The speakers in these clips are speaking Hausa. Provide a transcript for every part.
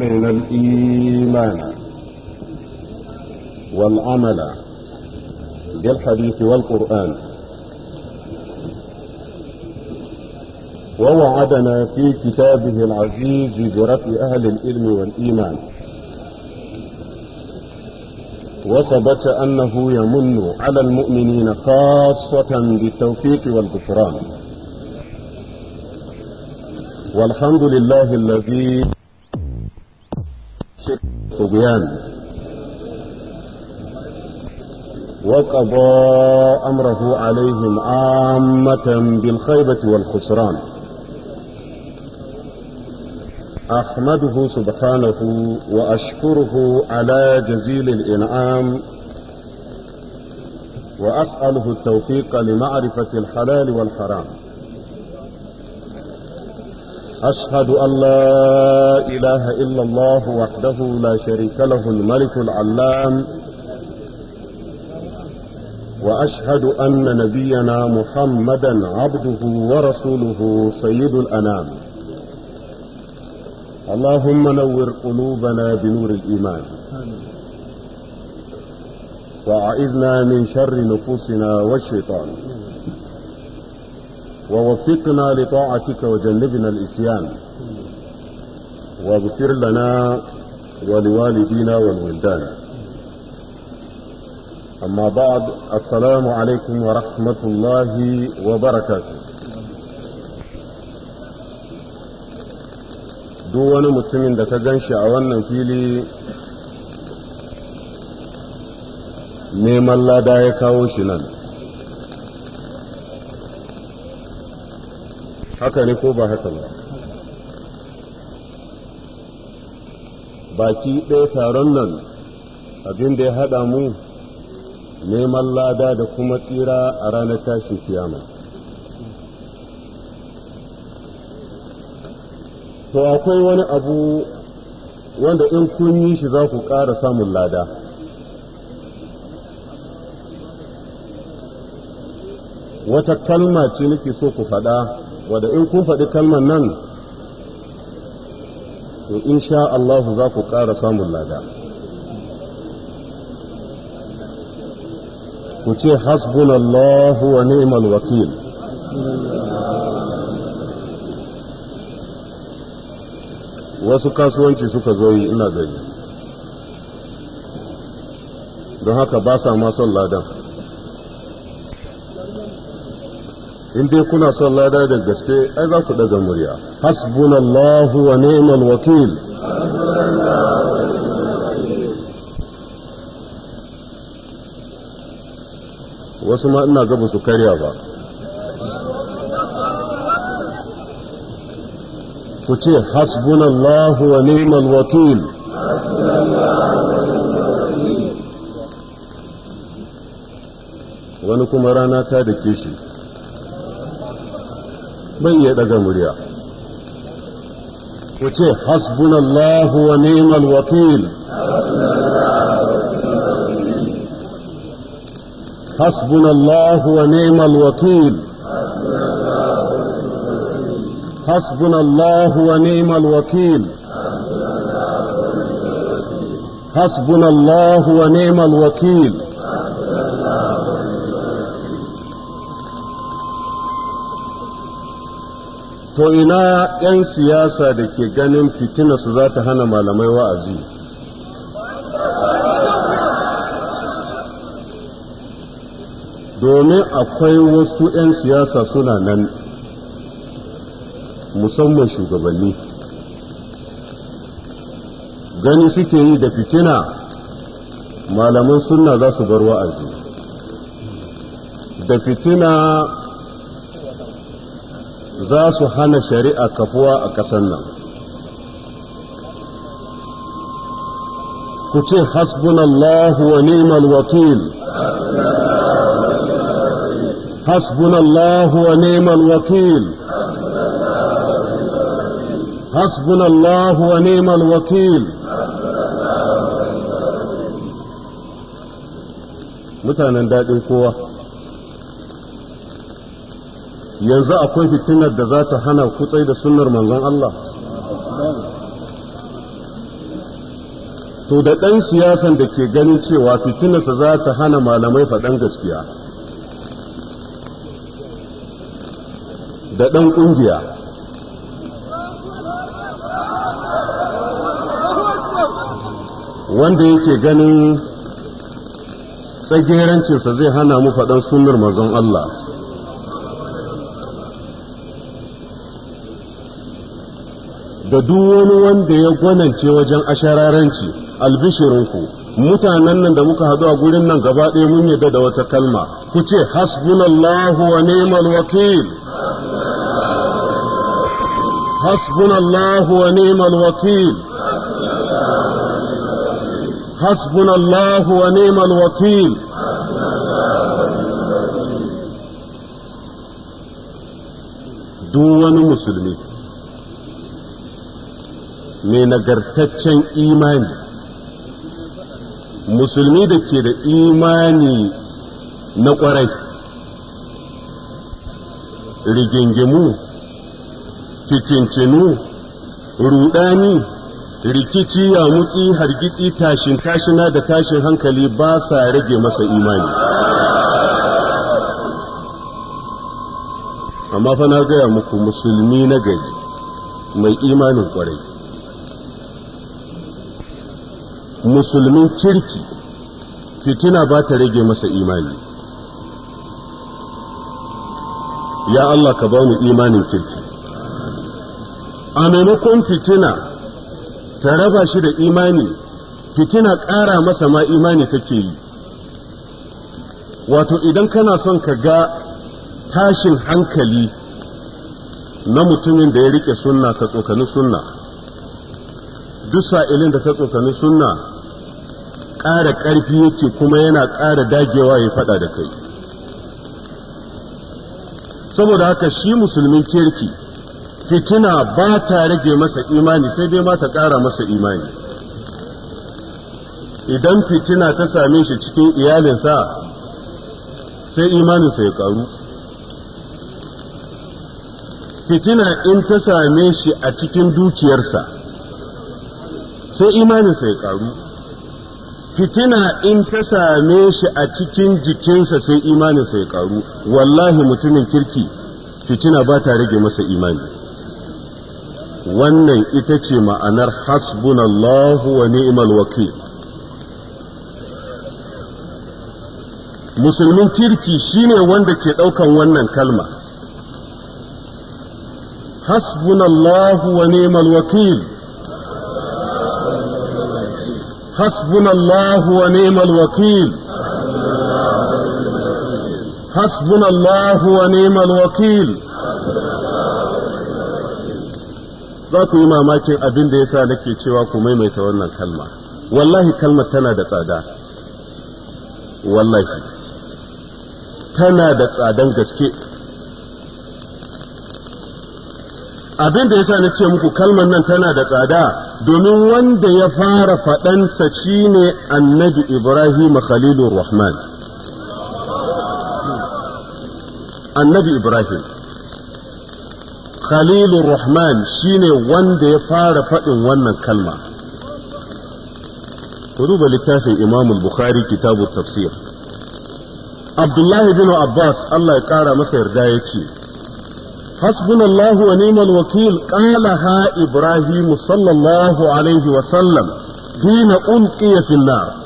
من الإيمان والعمل بالحديث والقرآن ووعدنا في كتابه العزيز برفع أهل العلم والإيمان وثبت أنه يمن على المؤمنين خاصة بالتوفيق والغفران والحمد لله الذي الطغيان وقضى أمره عليهم عامة بالخيبة والخسران أحمده سبحانه وأشكره على جزيل الإنعام وأسأله التوفيق لمعرفة الحلال والحرام أشهد أن لا إله إلا الله وحده لا شريك له الملك العلام وأشهد أن نبينا محمدا عبده ورسوله سيد الأنام اللهم نور قلوبنا بنور الإيمان وأعذنا من شر نفوسنا والشيطان ووفقنا لطاعتك وجنبنا الإسيان واغفر لنا ولوالدينا والولدان أما بعد السلام عليكم ورحمة الله وبركاته duk wani mutumin da ka gan shi a wannan fili neman lada ya kawo shi nan haka ne ko ba haka ba baki ɗaya taron nan abin da ya haɗa mu neman lada da kuma tsira a ranar tashin kiyama to akwai wani abu wanda in kun yi shi za ku ƙara samun lada wata kalma ce nake so ku faɗa wanda in kun faɗi kalmar nan to insha Allah za ku ƙara samun lada ku ce hasbunallahu wa ni'mal wakil wasu kasuwanci suka zo yi ina gani don haka ba sa ma son ladan in dai kuna son lada da gaske ai za ku daga murya hasbunallahu wa ni'mal wakil wasu ma ina gaba su karya ba ku ce hasbunallahu wa ni'mal wakil wani kuma rana ta da shi من يدق مريا وشي حسبنا الله ونعم الوكيل حسبنا الله ونعم الوكيل حسبنا الله ونعم الوكيل حسبنا الله ونعم الوكيل حسبنا الله ونعم الوكيل to ina 'yan siyasa da ke ganin fitina su za ta hana malamai wa'azi domin akwai wasu 'yan siyasa suna nan musamman shugabanni gani suke yi da fitina malaman sunna za su bar wa'azi da fitina za su hana shari'a kafuwa a ƙasar nan ku ce hasbunallahu wa ni'mal wakil hasbunallahu wa ni'mal wakil hasbunallahu wa ni'mal wakil mutanen daɗin kowa yanzu akwai fitinar da za ta hana kutsai da sunnar manzon Allah to da ɗan siyasan da ke ganin cewa fitinarsa za ta hana malamai faɗan gaskiya da ɗan ƙungiya wanda yake ganin sa zai hana mu faɗan sunnar manzon Allah da duk wani wanda ya gwanance wajen ashararanci albishirinku mutanen nan da muka haɗu a gurin nan gaba ɗaya mun yadda da wata kalma ku ce hasbunallahu wa ni'mal wakil hasbunallahu wa ni'mal wakil hasbunallahu wa ni'mal wakil duk wani musulmi mai nagartaccen imani musulmi da ke da imani na ƙwarai rigingimu fitincinu rudani rikici ya mutsi hargitsi tashin tashina da tashin hankali ba sa rage masa imani amma fa na gaya muku musulmi na gari mai imanin ƙwarai musulmin kirki fitina ba ta rage masa imani ya Allah ka ba mu imanin kirki a maimakon fitina ta raba shi da imani fitina ƙara masa ma imani take yi wato idan kana son ka ga tashin hankali na mutumin da ya rike sunna ka tsokani sunna duk sa'ilin da ka tsokani sunna ƙara ƙarfi yake kuma yana ƙara dagewa ya faɗa da kai saboda haka shi musulmin kirki fitina ba ta rage masa imani sai dai ma ta ƙara masa imani idan fitina ta same shi cikin iyalinsa sai imaninsa ya ƙaru fitina in ta same shi a cikin dukiyarsa sai imaninsa ya ƙaru fitina in ta same shi a cikin jikinsa sai imaninsa ya karu wallahi mutumin kirki fitina ba ta rage masa imani wannan ita ce ma'anar hasbunallahu wa ni'mal wakil musulmin kirki shine wanda ke ɗaukan wannan kalma hasbunallahu wa ni'mal wakil حسبنا الله ونعم الوكيل حسبنا الله ونعم الوكيل za ku yi mamakin abin da ya sa nake cewa ku maimaita wannan kalma wallahi kalmar tana da tsada wallahi tana da tsadan gaske abin da yasa na ce muku kalmar nan tana da tsada domin wanda ya fara faɗansa shine annabi Ibrahim Khalilur Rahman annabi Ibrahim Khalilur Rahman shine wanda ya fara faɗin wannan kalma ku duba littafin Imam Bukhari kitabu tafsir Abdullahi bin Abbas Allah ya ƙara masa yarda yake حسبنا الله ونعم الوكيل قالها إبراهيم صلى الله عليه وسلم حين ألقي في النار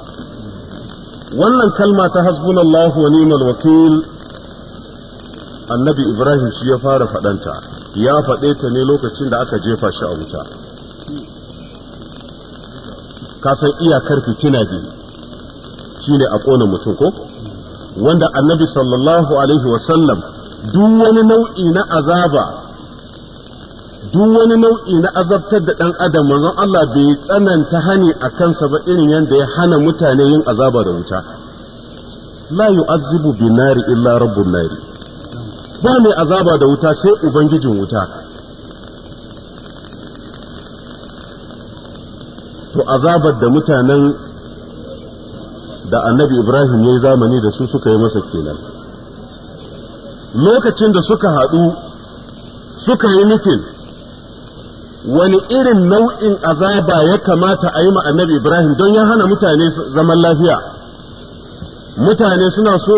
wannan kalma ta hasbun Allah wa ni'mal wakil annabi Ibrahim shi ya fara faɗanta ya faɗe ta ne lokacin da aka jefa shi a wuta ka san iyakar fitina biyu shine a ƙona mutum ko wanda annabi sallallahu alaihi wa sallam. duk wani nau'i na azaba duk wani nau'i na azabtar da ɗan adam manzon Allah bai tsananta hani a kansa ba irin yadda ya hana mutane yin azaba da wuta la yu'azzibu binari illa rabbun nari ba mai azaba da wuta sai ubangijin wuta to azabar da mutanen da annabi Ibrahim ya yi zamani da su suka yi masa kenan lokacin da suka haɗu suka yi nufin, wani irin nau'in azaba ya kamata a yi ma annabi ibrahim don ya hana mutane zaman lafiya mutane suna so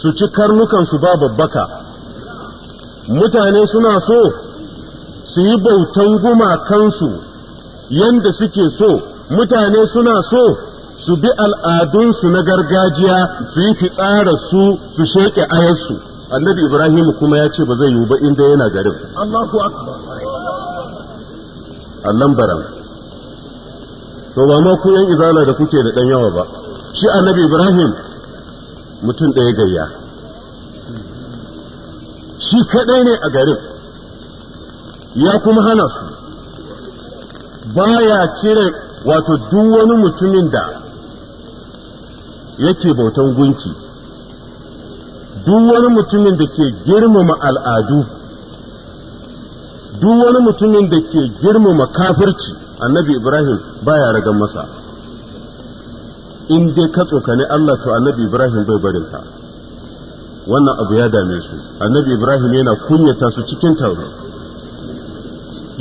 su ci karnukansu ba babbaka mutane suna so su yi bautan gumakansu yadda suke so mutane suna so su bi al'adunsu na gargajiya su yi fitsararsu su sheke ayarsu annabi ibrahim kuma ya ce ba zai yiwu ba inda yana garin Allahu akbar annan baran to ba ma ku yan izala da kuke da dan yawa ba shi annabi ibrahim mutum ɗaya gayya shi kaɗai ne a garin ya kuma hana su Ba ya cire wato duk wani mutumin da yake bautan gunki duk wani mutumin da ke girmama al'adu duk wani mutumin da ke girmama kafirci annabi ibrahim baya ragan masa in dai ka tsokane allah to annabi ibrahim bai barinta wannan abu ya dame su annabi ibrahim yana kunyata su cikin taro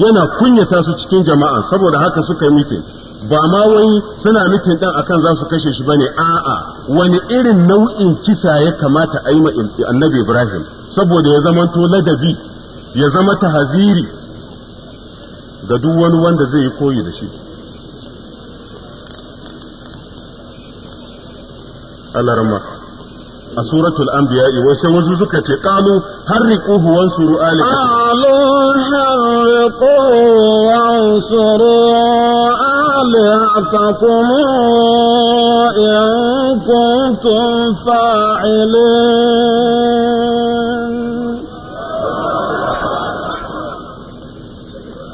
yana kunyata su cikin jama'a saboda haka suka yi mitin ba ma wai suna mitin ɗin akan za su kashe shi bane a'a wani irin nau'in kisa ya kamata a yi ma annabi Ibrahim saboda ya zama to ladabi ya zama ta haziri ga duk wani wanda zai yi koyi da shi alarma a suratul anbiya wasu wasu suka ce kalu harriquhu wansuru alihatakum qalu harriquhu wansuru ليعتكم إن كنتم فاعلين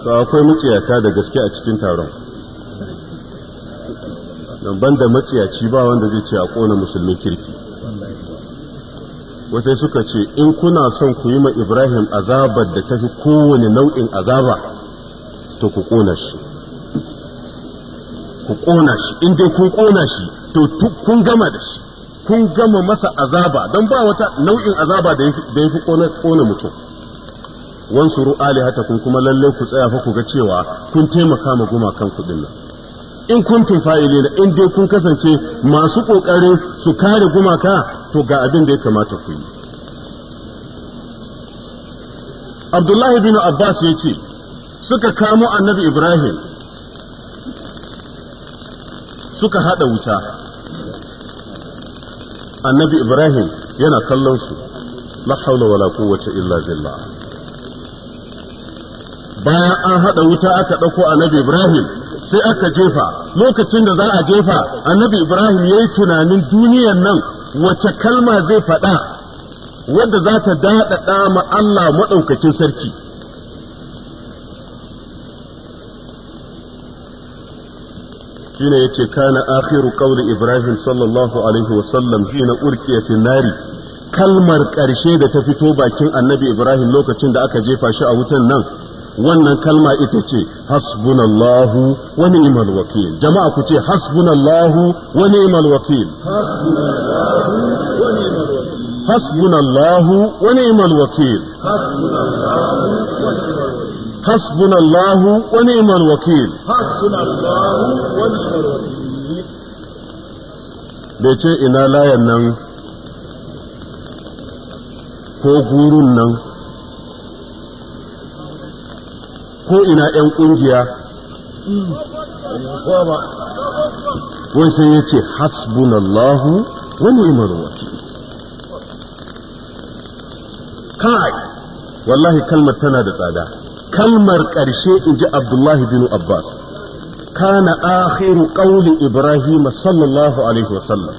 to akwai maciyata da gaske a cikin taron don da ba wanda zai ce a ƙona musulmin kirki wata suka ce in kuna son ku yi ma ibrahim azabar da ta fi kowane nau'in azaba to ku ƙona shi ku ƙona shi in dai kun ƙona shi to kun gama da shi kun gama masa azaba don ba wata nau'in azaba da ya fi ƙona mutum hata kun kuma lalle ku tsaya fa ku ga cewa kun taimaka ma gumakan ku nan in kun kuntum fa'ilina in dai kun kasance masu ƙoƙari su kare gumaka to ga abin da ya kamata ku yi Abdullahi bin Abbas ya ce suka kamo annabi Ibrahim suka haɗa wuta annabi ibrahim yana kallon su la haula wala quwwata illa billah bayan an haɗa wuta aka ɗauko annabi ibrahim sai aka jefa lokacin da za a jefa annabi ibrahim yayi tunanin duniyar nan wace kalma zai faɗa wadda za ta daɗaɗa ma Allah maɗaukakin sarki shine yace kana akhiru qawli ibrahim sallallahu alaihi wasallam hina urkiya fi nari kalmar karshe da ta fito bakin annabi ibrahim lokacin da aka jefa shi a wutan nan wannan kalma ita ce hasbunallahu wa ni'mal wakil jama'a ku ce hasbunallahu wa ni'mal wakil hasbunallahu wa ni'mal wakil hasbunallahu wa ni'mal wakil حسبنا الله ونعم الوكيل حسبنا الله ونعم الوكيل بيتي إنا لا ko gurun nan ko ina ‘yan ƙungiya wai sai ya ce hasbunallahu wani imar wakil kai wallahi kalmar tana da tsada kalmar ƙarshe in ji abdullahi bin abbas kana akhiru qawli ibrahim sallallahu alaihi wasallam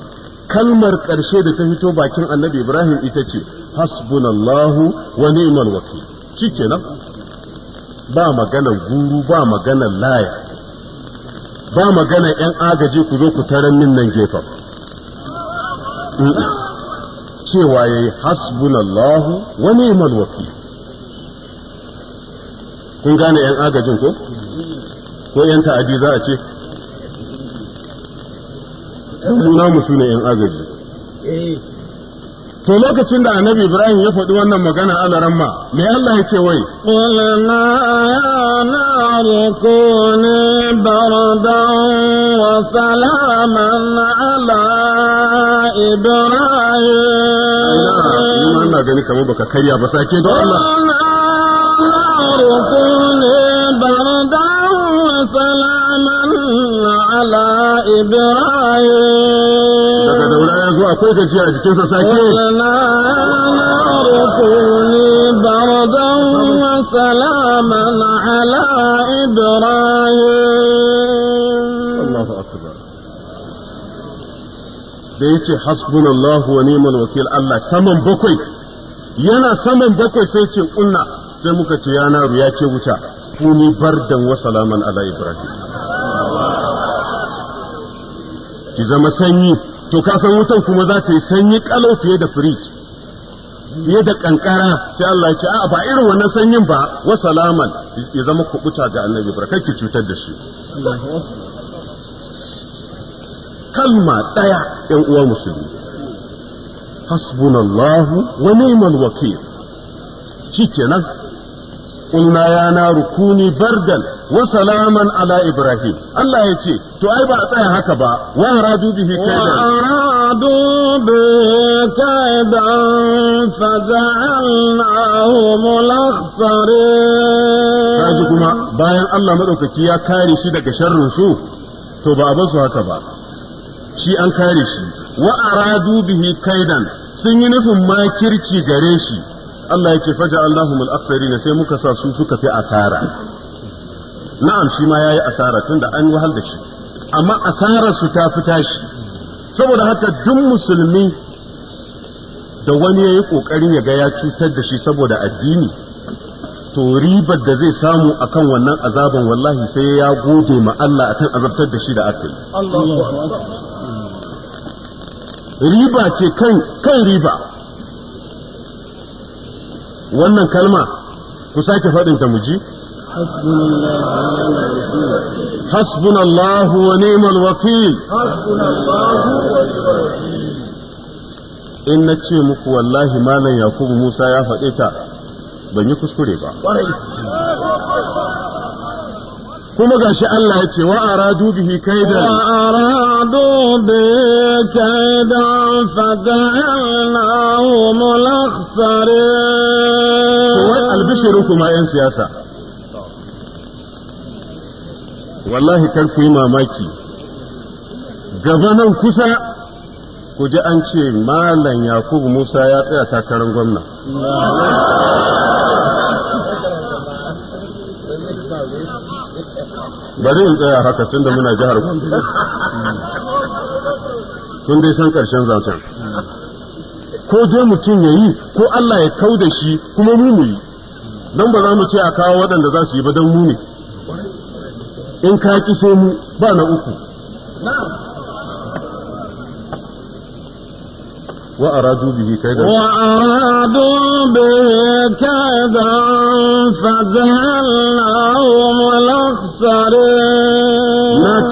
kalmar ƙarshe da ta fito bakin annabi ibrahim ita ce hasbunallahu wa ni'mal wakil na. ba maganar guru ba maganar laya ba maganar yan agaji ku zo ku taron min nan gefen cewa yayi hasbunallahu wa ni'mal wakil kun gane yan agajin ko ko yan ta'adi za a ce namu su ne yan agaji to lokacin da annabi ibrahim ya faɗi wannan magana ala ramma me allah ya ce wai qulna ya naru ne bardan wa salaman ala ibrahim ina gani kamar baka karya ba sake da allah إبراهيم daga daura ya zo akwai gaci a jikinsa sake na rukuni bardan wa salaman ala Ibrahim Allahu akbar da yace hasbunallahu wa neman wakil Allah saman bakwai yana saman bakwai sai ce kunna sai muka ce ya naru ya ce wuta kuni bardan wa salaman ala Ibrahim Ki zama sanyi to ka san wutan kuma za ta yi sanyi ƙalau fiye da firij, fiye da kankara sai Allah ya ce a ba irin wannan sanyin ba wa salaman ya zama kubuta ga annabi barka ki cutar da shi kalma daya yan uwa musulmi hasbunallahu wa ni'mal wakil shikenan قلنا يا نار كوني bardan wa salaman ala ibrahim Allah ya ce to ai ba a tsaya haka ba wa radu bihi kaida wa radu bi kaida fa ja'alnahum al kaji kuma bayan Allah madaukaki ya kare shi daga sharrin su to ba a su haka ba shi an kare shi wa aradu bihi kaidan sun yi nufin makirci gare shi Allah ya ce faja Allahumul ne sai muka sa su suka fi asara na'am shi ma yayi asara tunda an wahal da shi amma asarar su ta fi tashi. saboda haka duk musulmi da wani yayi kokarin ya ga ya cutar da shi saboda addini to ribar da zai samu akan wannan azaban wallahi sai ya gode ma Allah akan azabtar da shi da aka riba ce kan kan riba wannan kalma ku sake faɗin ta muji حسبنا الله ونعم الوكيل in na ce muku wallahi malam yakubu musa ya faɗe ta ban yi kuskure ba kuma gashi Allah ya ce wa aradu bihi kaidan wa aradu bihi kaidan faja'alnahum al-akhsarin wa albishirukum 'yan siyasa wallahi kar ku yi mamaki gaba nan kusa ku ji an ce malam yakubu musa ya tsaya takarar gwamna bari in tsaya haka da muna jihar gombe kun dai san karshen zancen ko dai mutum ya yi ko allah ya kau da shi kuma mu mu don ba za mu ce a kawo waɗanda za su yi ba don mu ne in ka ki so mu ba na uku وأرادوا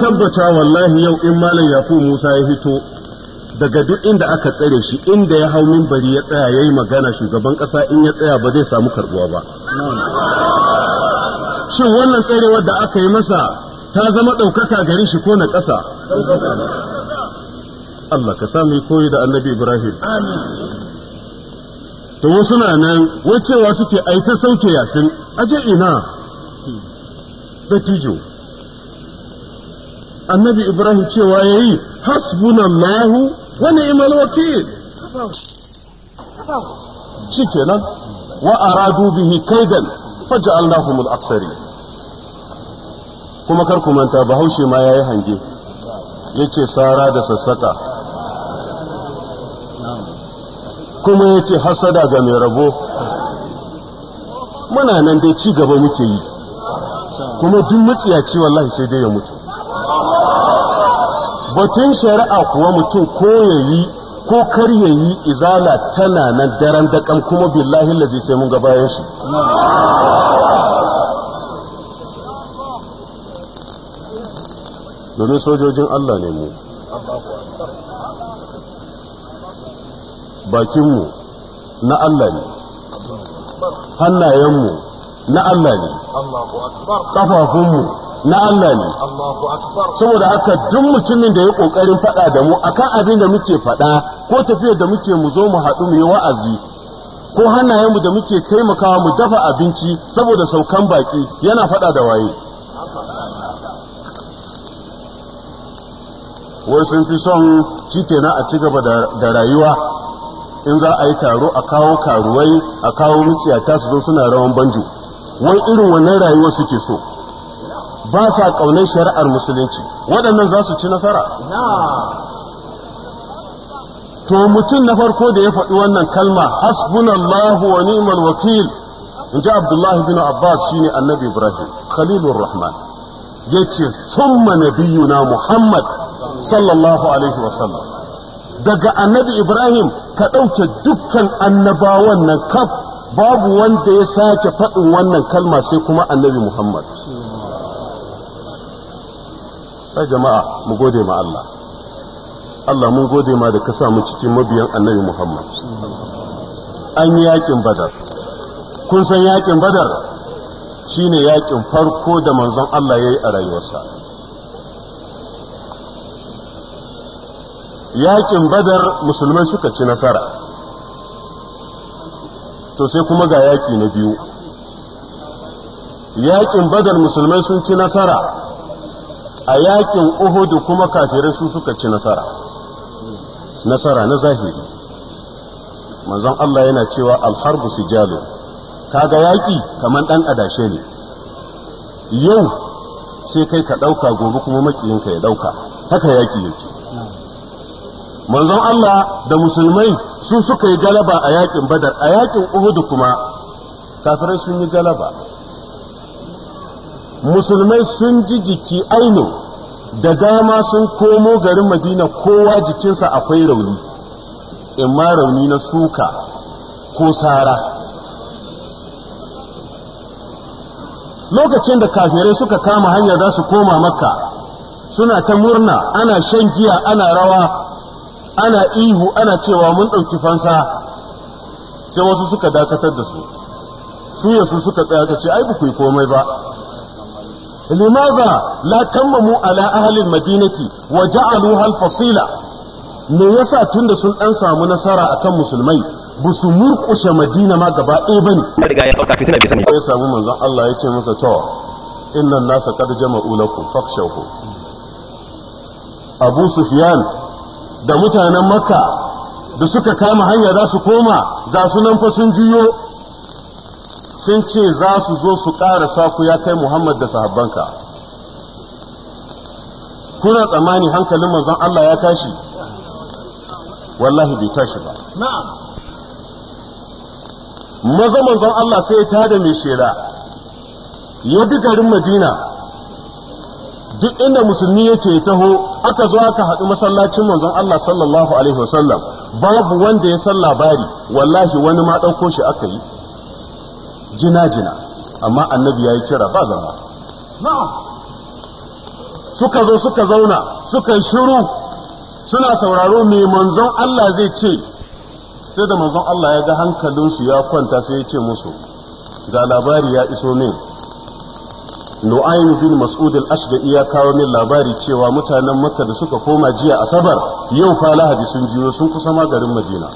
tabbata wallahi yau in malam فجعلناهم Musa ya wallahi yau in yafu musa ya daga duk inda aka tsare shi inda ya hau bari ya tsaya yayi magana shugaban ƙasa in ya tsaya ba zai samu karbuwa ba shin wannan tsarewar da aka yi masa ta zama ɗaukaka gare shi ko na ƙasa Allah ka sami koyi da annabi Ibrahim to wasu na nan wacewa suke aita sauke yasin aje ina da tijo annabi Ibrahim cewa ya yi yayi hasbunallahu wani ni'mal wakil shikenan wa aradu bihi kaidan faj'alnahum al-aksari kuma kar ku manta bahaushe ma yayi hange yace sara da sassaka kuma yace hasada ga mai rabo muna nan dai ci gaba muke yi kuma duk ce wallahi sai dai ya mutu batun shari'a kuwa mutum ko yayi ko kar yayi izala tana nan daren daƙam kuma billahi lazi sai mun ga bayan shi domin sojojin Allah ne mu bakinmu na Allah ne hannayenmu na Allah ne ƙafafunmu na Allah ne saboda aka duk mutumin da ya ƙoƙarin fada da mu akan abin da muke fada ko tafiyar da muke mu zo mu haɗu mu yi wa'azi ko hannayenmu da muke taimakawa mu dafa abinci saboda saukan baki yana fada da waye wai sun fi son kenan a ci gaba da rayuwa in za a yi taro a kawo karuwai a kawo miciyata su zo suna rawan banjo wai irin wannan rayuwa suke so ba sa ƙaunar shari'ar musulunci waɗannan za su ci nasara to mutum na farko da ya faɗi wannan kalma hasbunallahu wa ni'mal wakil in ji abdullahi bin abbas shine annabi ibrahim khalilur rahman yace summa nabiyuna muhammad sallallahu alaihi wasallam daga annabi ibrahim ka ɗauke dukkan annabawan nan kaf babu wanda ya sake faɗin wannan kalma sai kuma annabi muhammad ya jama'a mu gode ma Allah Allah mun gode ma da ka samu cikin mabiyan annabi Muhammad an yi yakin badar kun san yakin badar shine yakin farko da manzon Allah ya yi a rayuwarsa yakin badar musulmai suka ci nasara to sai kuma ga yaki na biyu yakin badar musulmai sun ci nasara a yakin uhudu kuma kafirai su suka ci nasara nasara na zahiri manzon Allah yana cewa alharbu sijalo kaga yaki kaman dan adashe ne yau sai kai ka dauka gobe kuma makiyinka ya dauka haka yaki yake manzon Allah da musulmai su suka yi galaba a yakin badar a yakin uhud kuma kafirai sun yi galaba musulmai sun ji jiki aino da dama sun komo garin madina kowa jikinsa akwai rauni imma rauni na suka ko sara lokacin da kafirai suka kama hanyar za su koma maka suna ta murna ana shan giya ana rawa ana ihu ana cewa mun ɗauki fansa sai wasu suka dakatar da su su yasu suka tsaya ta ce ai ba ku yi komai ba limaza la tammamu ala ahlil madinati wa ja'alu hal fasila me yasa tunda sun dan samu nasara akan musulmai ba su murƙushe madina ma gaba ɗaya ba ne riga ya ɗauka fitina bai sani ya samu manzon Allah ya ce masa to innan nasa kad jama'u lakum fakhshawhu Abu Sufyan da mutanen makka da suka kama hanya za su koma ga sunan fa sun jiyo sun ce za su zo su ƙara saku ya kai muhammad da sahabbanka kuna tsammani hankalin manzon Allah ya tashi wallahi bai tashi ba na'am manzon Allah sai ya tada mai shera ya bi garin Madina duk inda musulmi yake taho aka zo aka haɗu masallacin manzon Allah sallallahu alaihi wasallam babu wanda ya san labari wallahi wani ma ɗauko shi aka yi jina jina amma annabi ya yi kira ba zama suka zo suka zauna suka shiru suna sauraro me manzon Allah zai ce sai da manzon Allah ya ga hankalinsu ya kwanta sai ya ce musu ga labari ya iso min lu'ayin bin mas'ud al-ashja'i ya kawo min labari cewa mutanen makka da suka koma jiya asabar yau fa lahadi sun jiyo sun kusa ma garin madina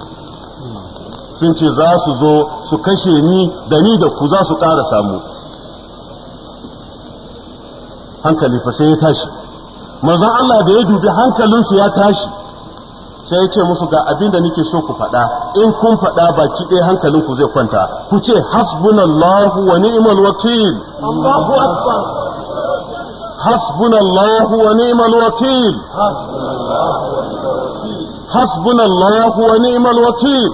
sun ce za su zo su kashe ni da ni da ku za su ƙara samu hankali fa sai ya tashi manzon Allah da ya dubi hankalinsu ya tashi sai ya ce musu ga abin da nake so ku faɗa in kun faɗa baki ɗaya hankalinku zai kwanta ku ce hasbunallahu wa ni'mal wakil Allahu akbar hasbunallahu wa ni'mal wakil hasbunallahu wa ni'mal wakil hasbunallahu wa ni'mal wakil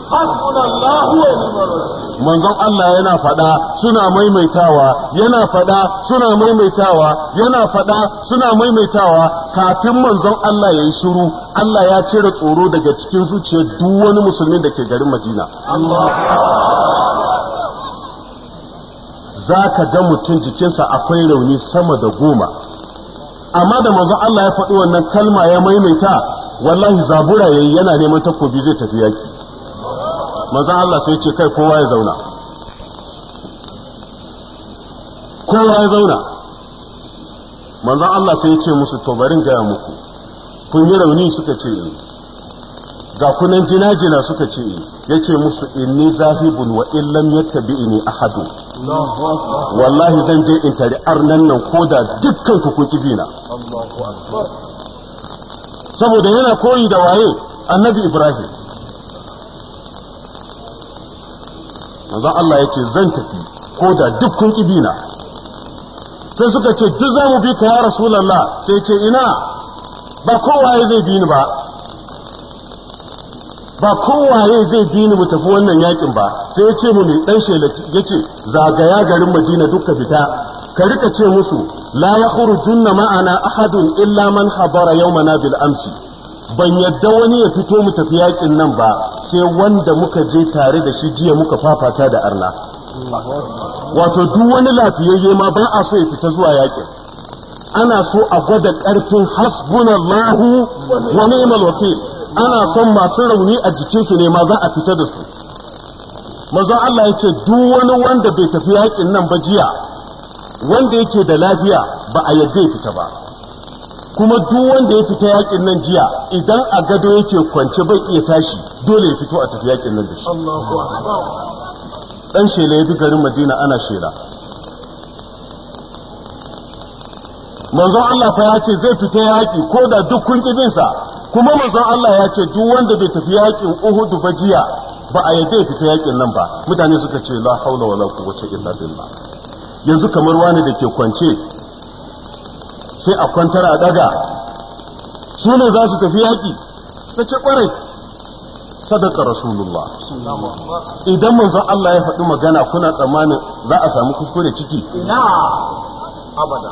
manzon Allah yana faɗa suna maimaitawa yana faɗa suna maimaitawa yana faɗa suna maimaitawa kafin manzon Allah yayi shiru Allah ya cire tsoro daga cikin zuciyar duk wani musulmin da ke garin Madina za ka ga mutum jikinsa akwai rauni sama da goma amma da manzon Allah ya faɗi wannan kalma ya maimaita wallahi zabura yayi yana neman takobi zai tafi yaki manzon Allah sai ce kai kowa ya zauna kowa ya zauna manzon Allah sai ce musu to barin gaya muku kun yi rauni suka ce in eh. ga kunan jina-jina suka ce in eh. ya ce musu inni bun wa illam a ahadu wallahi zan je in tari arnan nan da dukkan ku kun saboda yana koyi da waye annabi ibrahim manzo Allah ya ce zan tafi ko da duk kun sai suka ce duk za mu bi ka ya rasulullah sai ce ina ba kowaye zai bi ni ba ba kowaye zai bi ni mu tafi wannan yakin ba sai ya ce mu ne dan shela yace zagaya garin Madina duka fita ka rika ce musu la yakhrujunna ma'ana ahadun illa man habara yawmana bil amsi ban yadda wani ya fito mu tafi yakin nan ba sai wanda muka je tare da shi jiya muka fafata da arna wato duk wani lafiyayye ma ba a so ya fita zuwa yakin ana so a gwada karfin hasbunallahu wa ni'mal wakil ana son masu rauni a jikinsu ne ma za a fita da su manzon Allah yace duk wani wanda bai tafi yakin nan ba jiya wanda yake da lafiya ba a yadda ya fita ba kuma duk wanda ya fita yakin nan jiya idan a gado yake kwance bai iya tashi dole ya fito a tafi yakin nan da shi dan shela ya bi garin madina ana shela manzo Allah fa ya ce zai fita yaki ko da duk kun sa kuma manzon Allah ya ce duk wanda bai tafi yakin Uhud ba jiya ba a yadda ya fita yakin nan ba mutane suka ce la haula wala quwwata illa billah yanzu kamar wani da ke kwance sai a kwantar a daga su ne za su tafi yaƙi na ce ƙwarai sadaka rasulullah idan manzo Allah ya faɗi magana kuna tsammanin za a sami kuskure ciki na abada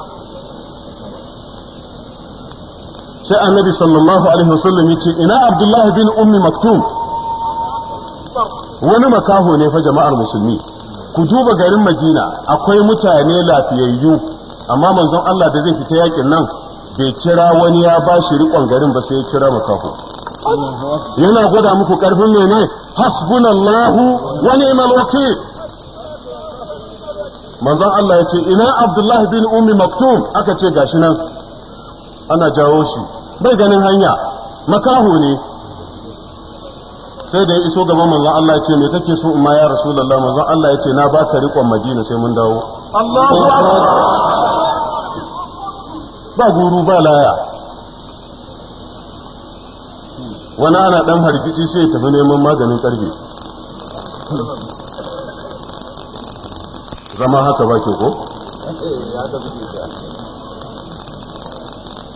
sai annabi sallallahu alaihi wasallam yace ina abdullah bin ummi maktum wani makaho ne fa jama'ar musulmi ku duba garin madina akwai mutane lafiyayyu amma manzon Allah da zai fita yakin nan bai kira wani ya ba shi rikon garin ba sai ya kira makafu yana gwada muku karfin mene hasbunallahu wa ni'mal wakil manzon Allah ya ce ina Abdullahi bin Ummi Maktum aka ce gashi nan ana jawo shi bai ganin hanya makaho ne sai da ya iso gaban manzon Allah ya ce me kake so ma ya Rasulullah manzon Allah ya ce na baka rikon Madina sai mun dawo Allahu akbar ba guru ba laya wani ana dan hargitsi sai tafi neman maganin karfe zama haka ba ke ko?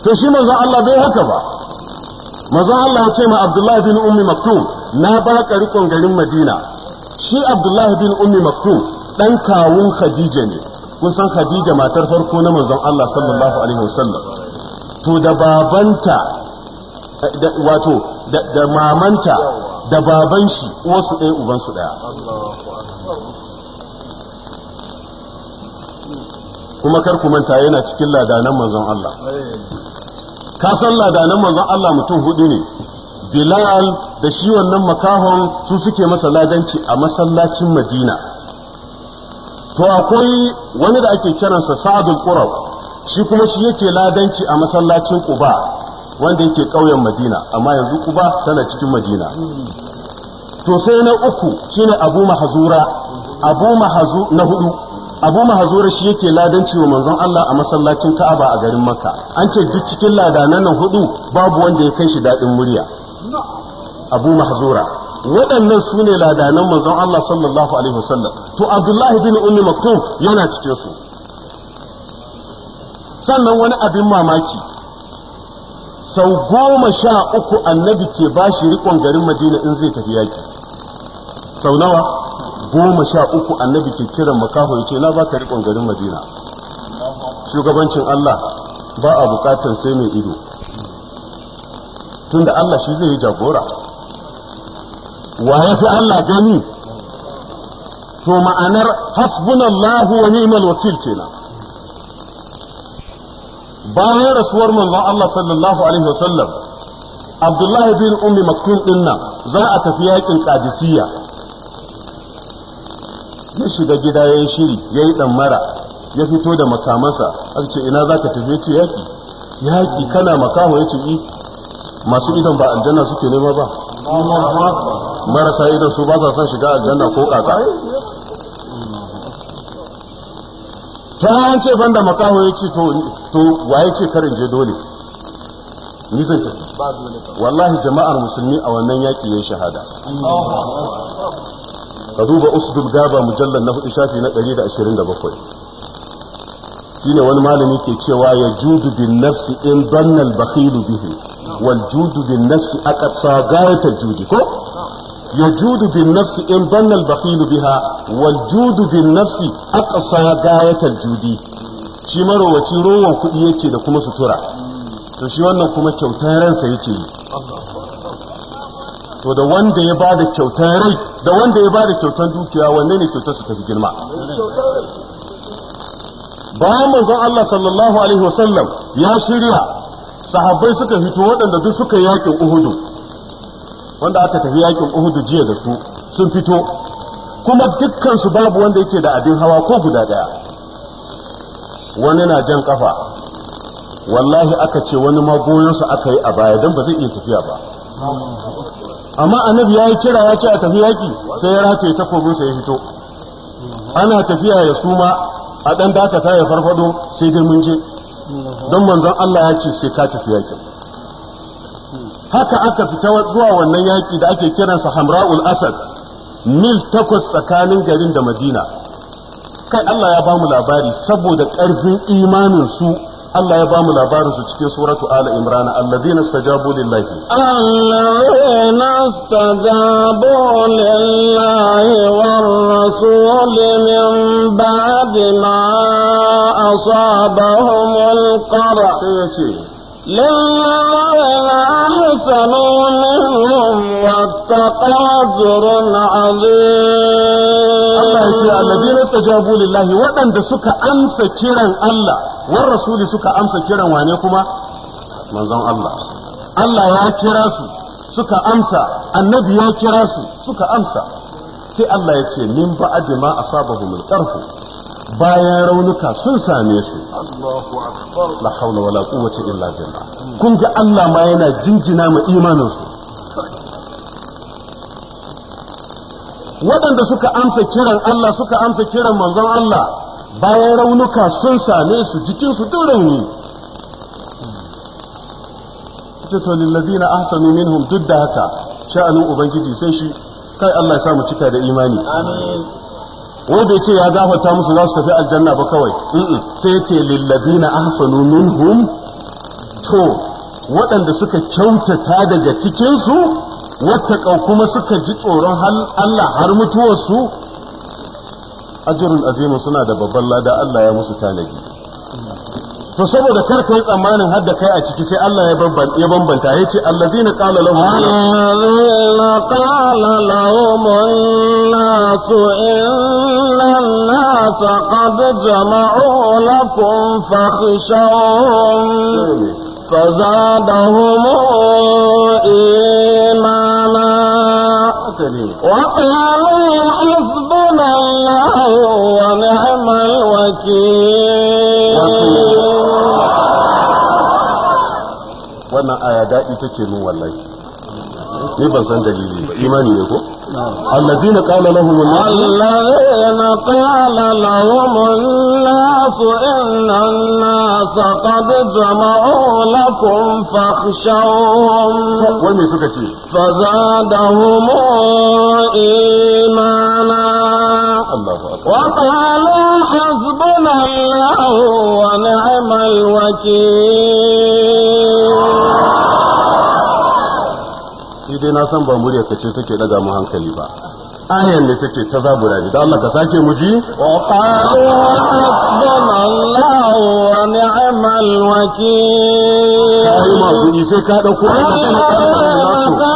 to shi manzon Allah bai haka ba manzon Allah ya ce ma Abdullahi bin Ummi Maktum na ba ka rikon garin Madina shi Abdullahi bin Ummi Maktum dan kawun Khadija ne kun san Khadija matar farko na manzon Allah sallallahu alaihi wasallam to da babanta wato da mamanta da baban shi wasu ɗaya uban su ɗaya kuma kar ku manta yana cikin ladanan manzon Allah ka san ladanan manzon Allah mutum hudu ne Bilal da shi wannan makahon su suke masa ladanci a masallacin Madina to akwai wani da ake kiransa sa'adul qurab shi kuma shi yake ladanci a masallacin quba wanda yake ƙauyen madina amma yanzu quba tana cikin madina to sai na uku shine abu mahzura abu mahzu na hudu abu mahzura shi yake ladanci wa manzon Allah a masallacin Ka'aba a garin Makka an ce duk cikin ladanan nan hudu babu wanda ya kai shi daɗin murya abu mahzura waɗannan su ne ladanan manzon Allah sallallahu alaihi wasallam to Abdullahi bin Ummi Maktum yana cikin su sannan wani abin mamaki sau goma sha uku annabi ke bashi rikon garin Madina in zai tafi yaki sau nawa goma sha uku annabi ke kiran makaho ya ce na baka rikon garin Madina shugabancin Allah ba a bukatan sai mai ido tunda Allah shi zai yi jagora wa ya fi Allah gani to ma'anar hasbunallahu wa ni'mal wakil kenan bayan rasuwar manzon Allah sallallahu alaihi wasallam Abdullahi bin Ummi Maktum dinna za a tafi yakin Qadisiyya ya shiga gida yayin shiri yayi dan mara ya fito da makamansa aka ce ina zaka tafi yaki yaki kana makaho yace eh, masu idan ba aljanna suke nema ba marasa idan su ba sa son shiga aljanna ko kaka ta an ce banda makaho ya ce to wa ya ce karin je dole ni zai wallahi jama'ar musulmi a wannan yaƙi ya shahada ka duba gaba mujallar na hudu shafi na 127 shine wani malami ke cewa ya judu bin nafsi in dannal bakhilu bihi wal bin nafsi aqsa gayatul judi ko يجود بالنفس إن ظن البخيل بها والجود بالنفس أقصى غاية الجود shi marowaci rowan kuɗi yake da kuma sutura to shi wannan kuma kyautar yake yi to da wanda ya bada kyautar rai da wanda ya bada kyautar dukiya wanne ne kyautar su tafi girma bayan manzon Allah sallallahu alaihi wasallam ya shirya sahabbai suka fito waɗanda duk suka yakin uhudu wanda aka tafi yakin uhudu jiya da su sun fito kuma dukkansu babu wanda yake da abin hawa ko guda ɗaya wani na jan kafa wallahi aka ce wani ma su aka yi a baya don ba zai iya tafiya ba amma annabi ya yi kira ya ce a tafi yaƙi sai ya rataye takobinsa ya fito ana tafiya ya suma a ɗan dakata ya farfado sai dai mun je don manzon Allah ya ce sai ka tafi yakin haka aka fita zuwa wannan yaki da ake kiransa Hamra'ul Asad mil takwas tsakanin garin da Madina kai Allah ya bamu labari saboda ƙarfin imanin su Allah ya bamu labarin su cikin suratu ala imrana allazina istajabu lillahi allazina istajabu lillahi war rasul min ba'di ma asabahum alqara yace للذين أحسنوا منهم واتقوا أجر عظيم الله يقول الذين استجابوا لله وأن سك أمس كيرا الله war rasuli suka amsa kiran wane kuma manzon Allah Allah ya kira su suka amsa annabi ya kira su suka amsa sai Allah ya ce min a ma asabahu min qarh bayan raunuka sun same su Allahu akbar la hawla wala quwwata illa billah kun ga Allah ma yana jinjina ma imanin su waɗanda suka amsa kiran Allah suka amsa kiran manzon Allah bayan raunuka sun same su jikinsu ita to lillazina ahsanu minhum duk da haka sha'anin ubangiji sai shi kai Allah ya samu cika da imani amin wai bai ya gafarta musu za su tafi aljanna ba kawai sai ya ce lillazina ahsanu minhum to waɗanda suka kyautata daga cikinsu wata kuma suka ji tsoron Allah har mutuwar su ajirin azim suna da babban lada Allah ya musu tanadi to saboda kar kai tsammanin hadda kai a ciki sai Allah ya bambanta ya ce allazina qala lahum allazina qala lahum الناس إن الناس قد جمعوا لكم فاخشوهم فزادهم iman. nwakeyerụrụ ozugbo nalụ hụrụ ụwalehamaụ nwa gị ni ban san dalili ba imani ne ko allazi na qala lahum allazi na qala lahum la su inna nas qad jama'u lakum fakhshawhum wa me suka ce fa zadahum imana وقالوا حسبنا الله ونعم الوكيل ni dai na san ba murya ka ce take daga mu hankali ba ayan ne take ta zabura ne da Allah ka sake mu ji wa qalu hasbuna Allah wa ni'mal wakeel kai ma gudi sai ka dauko ai magana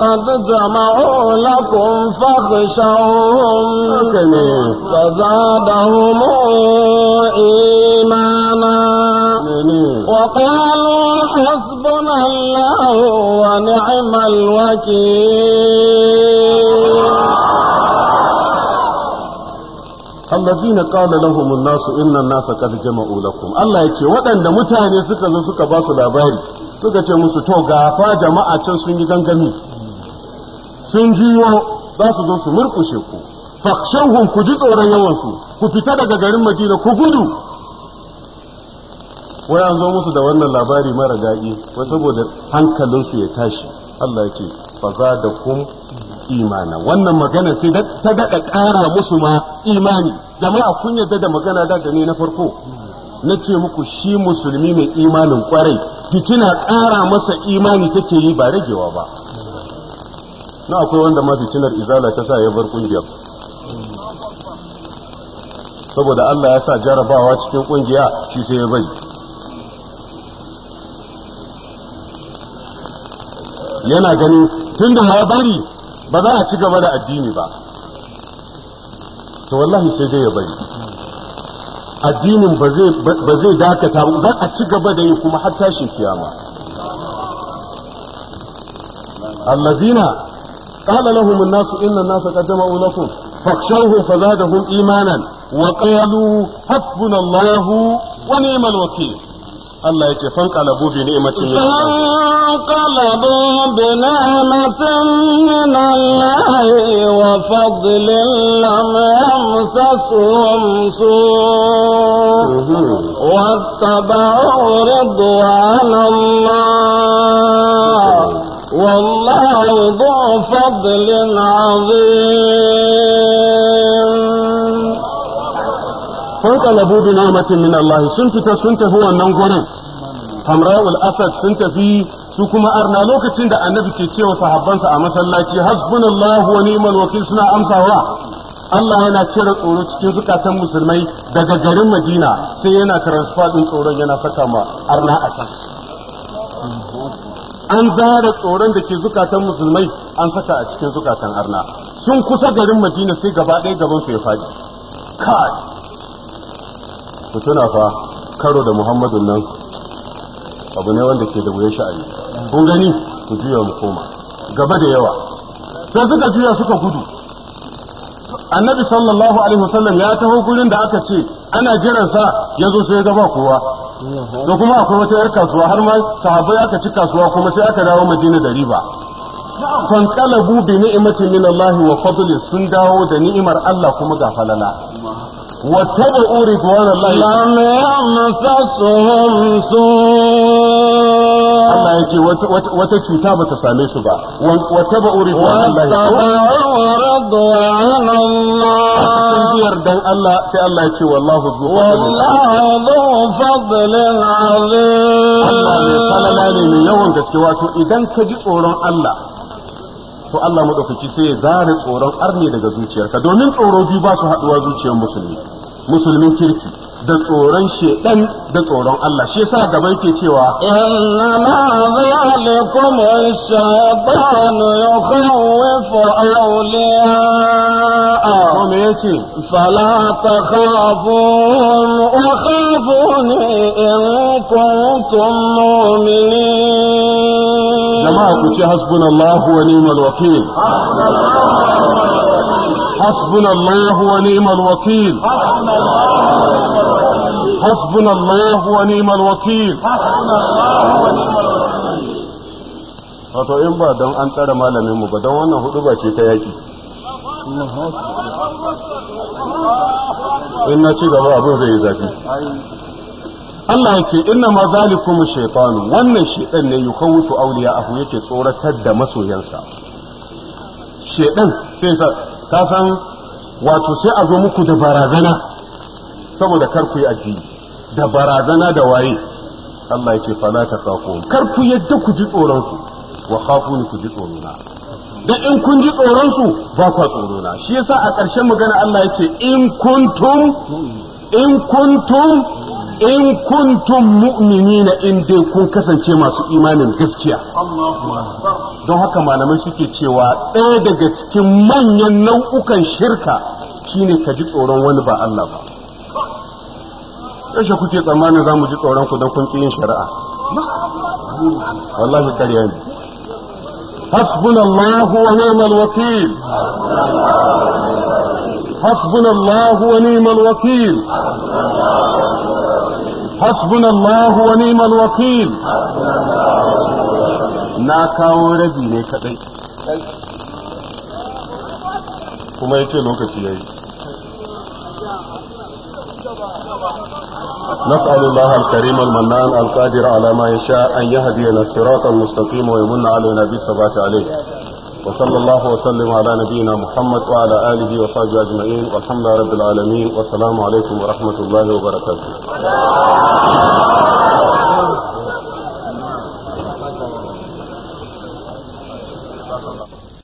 قد جمعوا لكم فاخشوهم فزادهم إيمانا وقالوا حسبنا الله ونعم الوكيل الذين قال لهم الناس ان الناس قد جمعوا لكم الله mutane suka zo suka ba su labari suka ce musu to gafa jama'a can sun yi gangami sun jiwo za su zo su murkushe ku fakshanhum ku ji tsoron yawansu ku fita daga garin madina ku gudu wai an zo musu da wannan labari mara daɗi wai saboda hankalinsu ya tashi Allah ya ce fa za da kun imana wannan magana sai ta daɗa ƙara musu ma imani jama'a kun yadda da magana da da na farko na ce muku shi musulmi mai imanin kwarai fitina ƙara masa imani take yi ba ragewa ba na akwai wanda ma fitinar izala ta sa ya bar kungiyar saboda Allah ya sa jarabawa cikin kungiya shi sai ya bari yana ganin tun da ya bari ba za a ci gaba da addini ba to wallahi sai dai ya bari addinin ba zai dakata ba za a ci gaba da yi kuma har tashin kiyama allazina qala lahum an-nas inna an-nas qad jama'u lakum fakhshawhu fazadahum imanan wa qalu hasbunallahu wa ni'mal wakeel Allah yake fan kalabu bi ni'matin min Allah kalabu bi ni'matin min Allah wa fadlin lam yamsasuhum su wa tabau ridwan Allah والله ذو فضل عظيم fanqalabu bi na'matin min Allah sun fita sun tafi wannan gurin hamra'ul asad sun tafi su kuma arna lokacin da annabi ke cewa sahabbansa a masallaci hasbunallahu wa ni'mal wakil suna amsawa Allah yana cire tsoro cikin zukatan musulmai daga garin Madina sai yana transfer din tsoron yana saka ma arna a can an zara tsoron da ke zukatan musulmai an saka a cikin zukatan arna sun kusa garin Madina sai gaba ɗaya gaban su ya faɗi kai ku tuna fa karo da muhammadun nan abu ne wanda ke da wuyan sha'ani kun gani ku juya mu koma gaba da yawa sai suka juya suka gudu annabi sallallahu alaihi wasallam ya taho gurin da aka ce ana jiran sa ya sai ya gaba kowa da kuma akwai wata yar kasuwa har ma sahabbai aka ci kasuwa kuma sai aka dawo madina da riba kalabu bi ni'imati min wa fadli sun dawo da ni'imar Allah kuma ga falala واتبعوا رضوان الله لم يمسسهم سوء Allah ya ce wata cuta ba ta same su ba wata ba uri wa Allah ya ce yardan Allah sai Allah ya ce wallahu zu wallahu zu fadlin azim Allah ne falala ne mai yawan gaske wato idan kaji tsoron Allah to Allah madaukaki sai ya zare tsoron arni daga zuciyarka domin tsoro biyu ba su haduwa zuciyar musulmi musulmin kirki da tsoron shedan da tsoron Allah shi yasa gaba yake cewa inna ma zalikum ash-shaytan yukhawwifu awliya ko me yace fala takhafun wa khafuni in kuntum mu'minin jama'a ku ce hasbunallahu wa ni'mal wakeel حسبنا الله ونعم الوكيل حسبنا الله ونعم الوكيل wato in ba don an tsara malaminmu ba don wannan hudu ba ce ta yaƙi in na ci gaba abin zai yi zafi Allah ya ce inna ma zalikum shaytanu wannan shaytan ne yukawwitu awliya'ahu yake tsoratar da masoyansa shaytan sai Kasan wato sai a zo muku da barazana saboda kar ku yi addini da barazana da waye Allah yake fana ta kafo kar ku yadda ku ji tsoron su wa khafuni ku ji tsoron na da in kun ji tsoron su ba ku tsoron na shi yasa a ƙarshen magana Allah yake in kuntum in kuntum in kuntum mu'minina in dai kun kasance masu imanin gaskiya don haka malamai suke cewa ɗaya daga cikin manyan nau'ukan shirka shine ka ji tsoron wani ba Allah ba yaushe kuke tsammanin za mu ji tsoron ku don kun yin shari'a wallahi ƙarya ne hasbunallahu wa ni'mal wakil hasbunallahu wa ni'mal wakil hasbuna Allah wa ni'mal wakil na kawo rabi ne kadai kuma yace lokaci yayi نسأل الله الكريم المنان القادر على ما يشاء أن يهدينا الصراط المستقيم ويمن علينا بالثبات عليه وصلى الله وسلم على نبينا محمد وعلى آله وصحبه أجمعين والحمد لله رب العالمين والسلام عليكم ورحمة الله وبركاته